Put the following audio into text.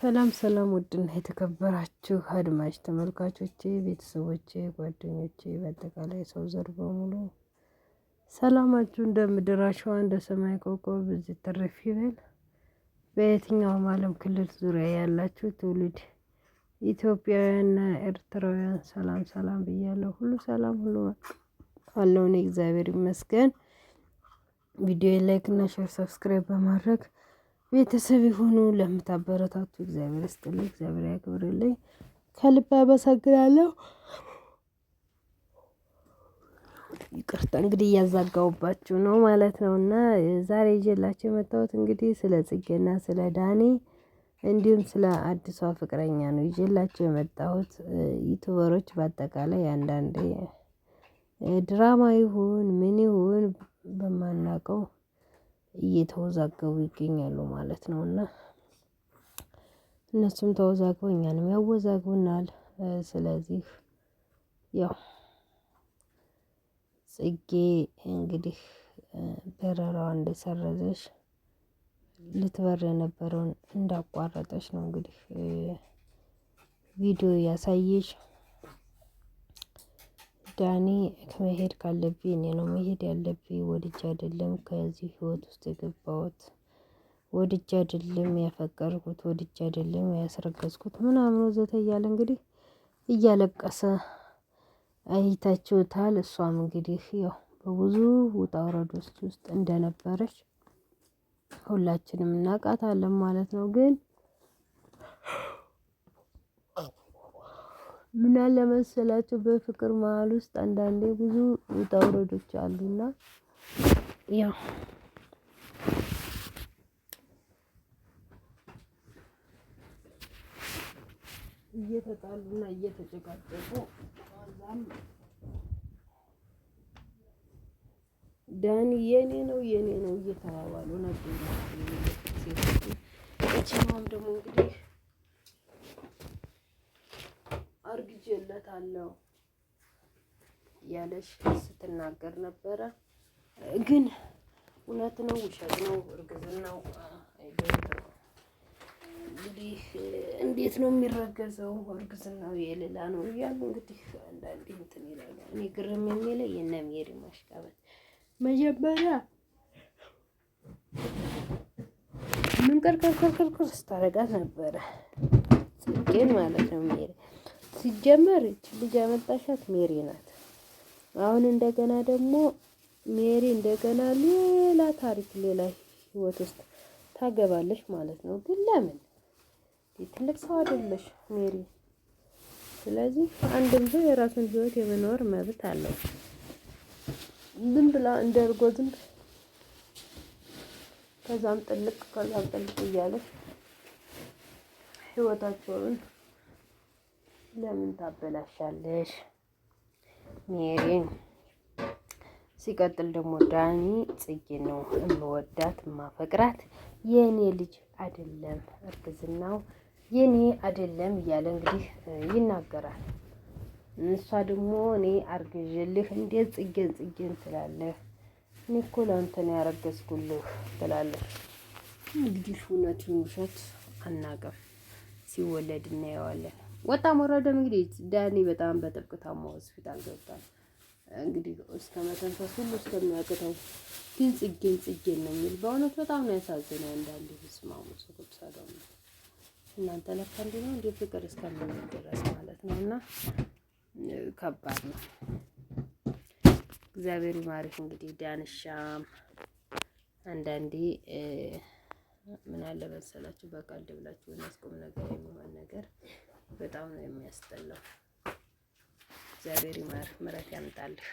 ሰላም ሰላም፣ ውድና የተከበራችሁ አድማጭ ተመልካቾቼ፣ ቤተሰቦቼ፣ ጓደኞቼ በአጠቃላይ ሰው ዘር በሙሉ ሰላማችሁ እንደ ምድር አሸዋ እንደ ሰማይ ኮከብ ብዙ ትርፍ ይበል። በየትኛውም ዓለም ክልል ዙሪያ ያላችሁ ትውልድ ኢትዮጵያውያንና ኤርትራውያን ሰላም ሰላም ብያለሁ። ሁሉ ሰላም ሁሉ አለውን። እግዚአብሔር ይመስገን። ቪዲዮ ላይክ እና ሼር ሰብስክራይብ በማድረግ ቤተሰብ የሆኑ ለምታበረታቱ እግዚአብሔር ይስጥልኝ፣ እግዚአብሔር ያክብርልኝ። ከልብ አመሰግናለሁ። ይቅርታ እንግዲህ እያዛጋውባችሁ ነው ማለት ነው። እና ዛሬ ይዤላችሁ የመጣሁት እንግዲህ ስለ ጽጌና ስለ ዳኒ እንዲሁም ስለ አዲሷ ፍቅረኛ ነው ይዤላችሁ የመጣሁት። ዩቱበሮች በአጠቃላይ አንዳንዴ ድራማ ይሁን ምን ይሁን በማናውቀው እየተወዛገቡ ይገኛሉ ማለት ነው። እና እነሱም ተወዛግበው እኛንም ያወዛግቡናል። ስለዚህ ያው ጽጌ እንግዲህ በረራዋ እንደሰረዘች ልትበር የነበረውን እንዳቋረጠች ነው እንግዲህ ቪዲዮ ያሳየች ዳኒ ከመሄድ ካለብኝ እኔ ነው መሄድ ያለብኝ። ወድጅ አይደለም ከዚህ ህይወት ውስጥ የገባሁት፣ ወድጄ አይደለም ያፈቀርኩት፣ ወድጅ አይደለም ያስረገዝኩት ምናምን ወዘተ እያለ እንግዲህ እያለቀሰ አይታችሁታል። እሷም እንግዲህ ያው በብዙ ውጣ ውረዶች ውስጥ እንደነበረች ሁላችንም እናውቃታለን ማለት ነው ግን ምን አለ መሰላችሁ በፍቅር መሀል ውስጥ አንዳንዴ ብዙ ውጣ ውረዶች አሉና ያው እየተጣሉና እየተጨቃጨቁ ዛም ዳኒ የኔ ነው የኔ ነው እየተባባሉ ነበር። ሴቶች ደግሞ እንግዲህ እሰጥሻለሁ ያለሽ ስትናገር ነበረ። ግን እውነት ነው ውሸት ነው እርግዝናው አይገኝም። እንግዲህ እንዴት ነው የሚረገዘው? እርግዝናው የሌላ ነው እያሉ እንግዲህ አንዳንዴ እንትን ይላሉ። እኔ ግርም የሚለ የእነ ሜሪ ማሽቃበት መጀመሪያ ምን ቅርቅር ቅርቅር ስታረጋት ነበረ ጽጌን ማለት ነው ሜሪ ሲጀመር እች ልጅ ያመጣሻት ሜሪ ናት። አሁን እንደገና ደግሞ ሜሪ እንደገና ሌላ ታሪክ ሌላ ህይወት ውስጥ ታገባለች ማለት ነው። ግን ለምን ትልቅ ሰው አይደለሽ ሜሪ። ስለዚህ አንድም ሰው የራሱን ህይወት የመኖር መብት አለው። ዝም ብላ እንደ እርጎ ዝም ከዛም ጥልቅ ከዛም ጥልቅ እያለች ህይወታቸውን ለምን ታበላሻለሽ ሜሪን። ሲቀጥል ደግሞ ዳኒ ጽጌ ነው የምወዳት ማፈቅራት የእኔ ልጅ አይደለም እርግዝናው የኔ አይደለም እያለ እንግዲህ ይናገራል። እሷ ደግሞ እኔ አርግዤልህ እንዴት ጽጌን ጽጌን ትላለህ? እኔ እኮ ለአንተ ያረገዝኩልህ ትላለህ። እንግዲህ እውነቱን ውሸት አናውቅም፣ ሲወለድ እናየዋለን። ወጣም ወረደም እንግዲህ ዳኒ በጣም በጥብቅ ታማ ሆስፒታል ገብቷል። እንግዲህ እስከ መተንፈስ ሁሉ እስከሚያቅተው ግን ጽጌን ጽጌን ነው የሚል በእውነት በጣም ነው ያሳዝነው። አንዳንድ ስማሙ ሰቶች ሳደሙ እናንተ ለካ እንዲህ ነው እንዲህ ፍቅር እስከምንል ድረስ ማለት ነው። እና ከባድ ነው። እግዚአብሔር ይማርሽ። እንግዲህ ዳንሻም አንዳንዴ ምን አለ መሰላችሁ በቃል ድብላችሁ የሚያስቆም ነገር የሚሆን ነገር በጣም ነው የሚያስጠላው። እግዚአብሔር ይማር፣ ምረት ያምጣልህ።